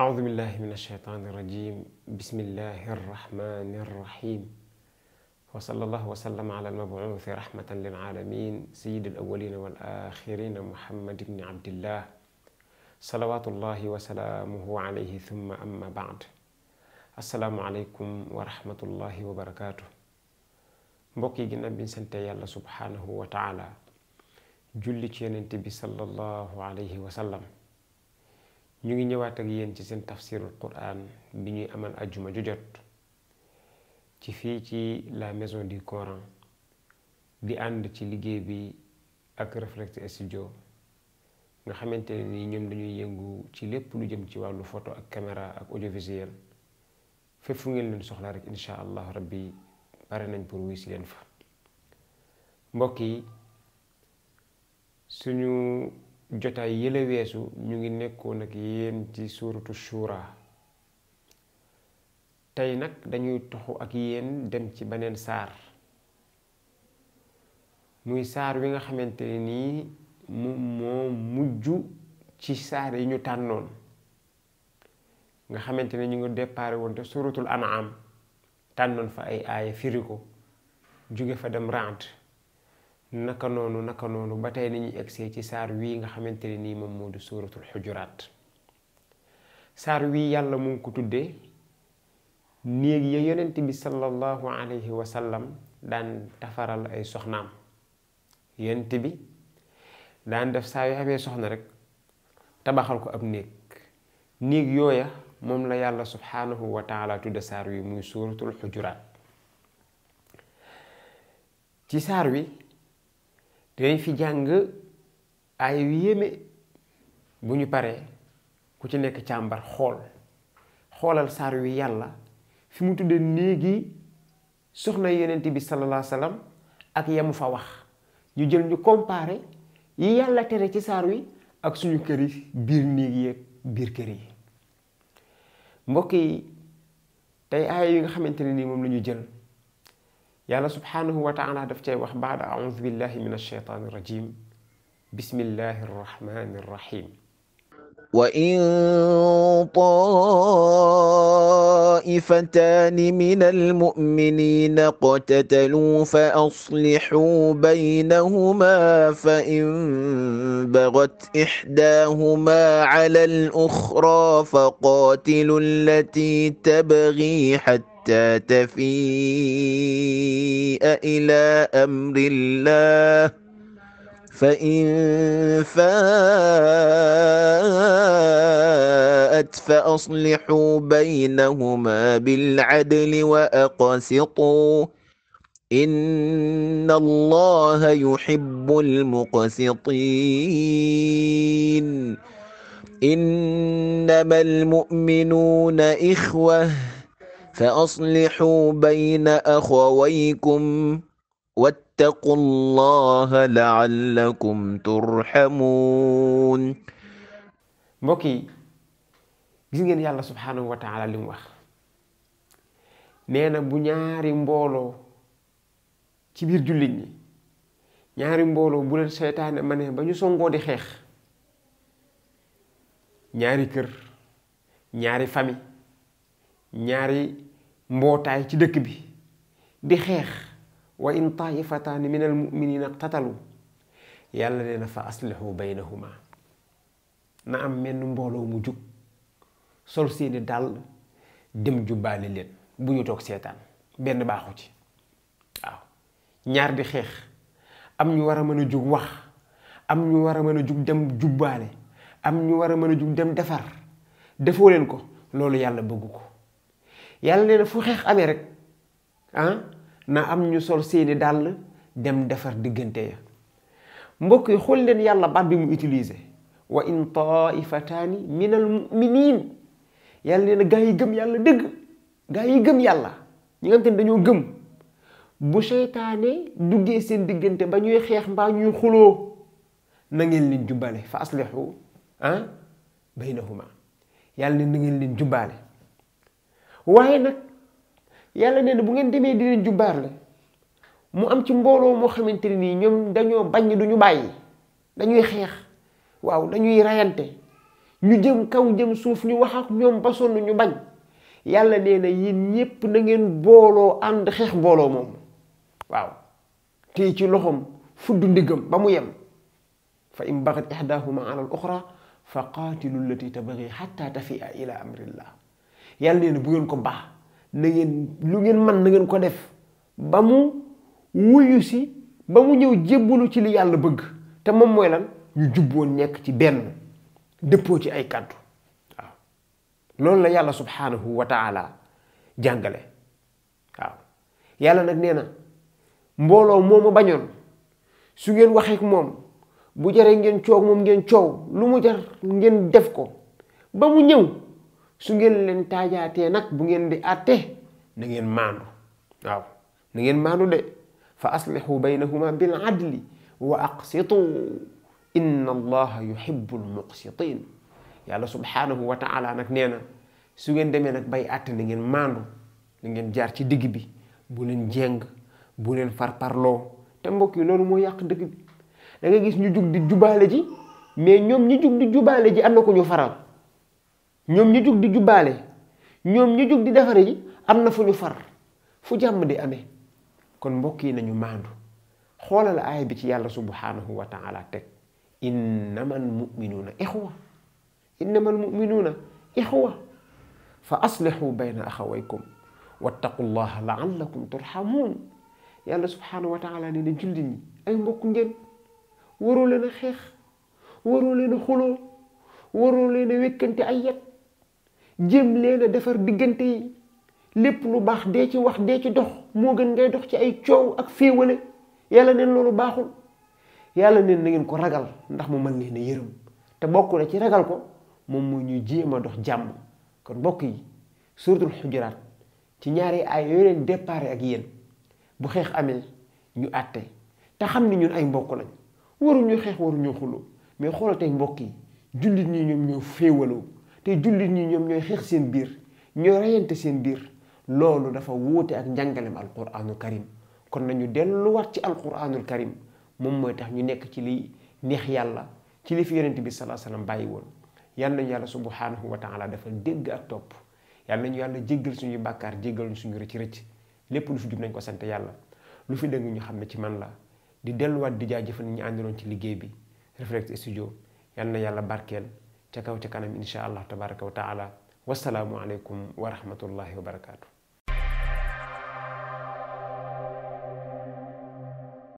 أعوذ بالله من الشيطان الرجيم بسم الله الرحمن الرحيم وصلى الله وسلم على المبعوث رحمة للعالمين سيد الأولين والآخرين محمد بن عبد الله صلوات الله وسلامه عليه ثم أما بعد السلام عليكم ورحمة الله وبركاته mbokk yi بن الله سبحانه وتعالى yàlla subhaanahu wa الله عليه وسلم ñu ngi ñëwaat ak yéen ci seen tafsirul quran bi ñuy amal ajjuma ju jot ci fii ci la maison du coran di ànd ci liggéey bi ak Reflect Studio nga xamante ne ni ñoom dañuy yëngu ci lépp lu jëm ci wàllu photo ak kamera ak audiovisuel fépp fu ngeen leen soxlaa rek incha allah rabbi pare nañ pour wuy si leen fa mbokk suñu jotaay yële weesu ñu ngi nekkoon ak yéen ci suuratu shura tey nag dañuy toxu ak yéen dem ci beneen saar muy saar wi nga xamante ne nii mu moo mujj ci saar yi ñu tànnoon nga xamante ni ñu ngi déparé woon suuratul ana am tànnoon fa ay aaya firi jóge fa dem rant naka noonu naka noonu ba tey ni ñuy egsee ci saar wii nga xamante ne nii moom moo du suuratul xujuraat saar wii yàlla mu ko tuddee néeg ya yonent bi sallallahu alayhi wa sallam daan tafaral ay soxnaam yonent bi daan def saa yu amee soxna rek tabaxal ko ab néeg néeg yooya moom la yàlla subhaanahu wa taala saar wi muy suuratul xujuraat ci saar wi dinañ fi jàng ay yéeme bu ñu paree ku ci nekk càmbar xool xoolal saar wi yàlla fi mu tudde néegi soxna yonent bi sallallahu alayhi wasallam ak yamu fa wax ñu jël ñu comparé yi yàlla tere ci saar wi ak suñu kër yi biir néeg yi biir kër yi mbokk yi tey aaya yi nga xamante ne nii moom jël يالا سبحانه وتعالى دفتي بعد أعوذ بالله من الشيطان الرجيم بسم الله الرحمن الرحيم وإن طائفتان من المؤمنين اقتتلوا فأصلحوا بينهما فإن بغت إحداهما على الأخرى فقاتلوا التي تبغي حتى حتى تفيء إلى أمر الله فإن فاءت فأصلحوا بينهما بالعدل وأقسطوا إن الله يحب المقسطين إنما المؤمنون إخوةً فأصلحوا بين أخويكم واتقوا الله لعلكم ترحمون mbokki gis ngeen yàlla subhanahu wa taala li mu wax nee na bu ñaari mbooloo ci biir jullit ñi ñaari mbooloo bu leen seytaane ma ne ba ñu songoo di xeex ñaari kër ñaari famille ñaari mbootaay ci dëkk bi di xeex wa in taifataani min al muminina qatalu yàlla nee na fa aslihu baynahuma na am menn mbooloo mu jug sol seeni daal dem jubbaale leen bu ñu toog seetaan benn baaxu ci waaw ñaar bi xeex am ñu war a mën a jug wax am ñu war a mën a jug dem jubbaale am ñu war a mën a jug dem defar defoo leen ko loolu yàlla bëgg ko yàlla nee na fu xeex amee rek ah, na am ñu sol seeni dàll dem defar diggante ya mbokk yi xool leen yàlla baat bi mu utilisé wa in taifataani min al muminin yàlla nee gaa yi gëm yàlla dëgg gaa yi gëm yàlla ñi nga xam dañoo gëm bu seytaane duggee seen diggante ba ñuy xeex mbaa ñuy xuloo na ngeen leen jubale fa aslihu ah baynahuma yàlla ne na ngeen leen jubale waye nak yalla nee bu ngeen demee di leen la mu am ci mbolo mo xamanteni ni ñom dañu bañ duñu bayyi dañuy xex waaw dañuy e rayante ñu jëm kaw jëm suuf ñu wax ak ñom ba sonu ñu bañ yalla nee na ñepp na ngeen bolo and xex bolo mom waaw téye ci loxoom fudd ndigam ba mu yem fa in baxat ixdaahuma ala al ukhra fa qaatilu allati tabghi hatta tafia ila amrillah yàlla nee na bu ngeen ko baax na ngeen lu ngeen man na ngeen ko def ba mu wuyu si ba mu ñëw jébbalu ci li yàlla bëgg te moom mooy lan ñu jubboon nekk ci benn dëppoo ci ay kàddu waaw loolu la yàlla subhaanahu wa taala jàngale waaw yàlla nag neena mbooloo moomu bañoon su ngeen waxee moom bu jaree ngeen coog moom ngeen coow lu mu jar ngeen def ko ba mu ñëw su ngeen leen tajaate nak bu ngeen di até na ngeen manu waaw na ngeen manu de fa aslihu bainahuma bil adli wa aqsitu inna allaha yuhibbul muqsitin ya allah subhanahu wa taala nak neena su ngeen demé nak bay até na ngeen manu na ngeen jaar ci digg bi bu len jeng bu far parlo te mbok yi lolu mo yàq bi da nga gis ñu jug di jubale ji mais ñom ñu jug di jubale ji am na ko ñu faral ñom ñu jug di jubalé ñom ñu jug di defare yi amna fuñu far fu jàmm di amé kon mbokk yi nañu mandu xolal ay bi ci yàlla subhanahu wa taala tek innamal mu'minuna ikhwa innamal mu'minuna ikhwa fa aslihu bayna akhawaykum wattaqu llaha laallakum turhamun yàlla subhanahu wa taala ni na jullit ñi ay mbokk ngeen waroo leena xex xeex leena xulo a leena wékkante ay yett jéem leen a defar diggante yi lépp lu baax dee ci wax dee ci dox moo gën ngay dox ci ay coow ak féewale yàlla neen loolu baaxul yàlla neen na ngeen ko ragal ndax mu mën leen a yërëm te bokk na ci ragal ko moom mooy ñu jéem a dox jàmm kon mbokk yi suuratul xujuraat ci ñaari ay yoo leen départ ak yéen bu xeex amee ñu àtte te xam ni ñun ay mbokk lañ waruñu xeex waruñu xuloo mais xoolal mbokk yi jullit ñi ñoom ñoo féewaloo te jullit ñi ñoom ñooy xeex seen biir ñooy reyante seen biir loolu dafa wuute ak njàngalem alquraanul karim kon nañu delluwaat ci alquraanul karim moom mooy tax ñu nekk ci li neex yàlla ci li fi yonent bi salaa salaam bàyyi woon yal nañu yàlla subhaanahu wa taala dafa dégg ak topp yal nañu yàlla jéggal suñuy bàkkaar jéggal ñu suñu rëcc rëcc lépp lu fi jub nañ ko sant yàlla lu fi dëng ñu xam ne ci man la di delluwaat di jaajëfal ñu àndiloon ci liggéey bi Reflect Studio yàlla barkeel تكاو تكانم إن شاء الله تبارك وتعالى والسلام عليكم ورحمة الله وبركاته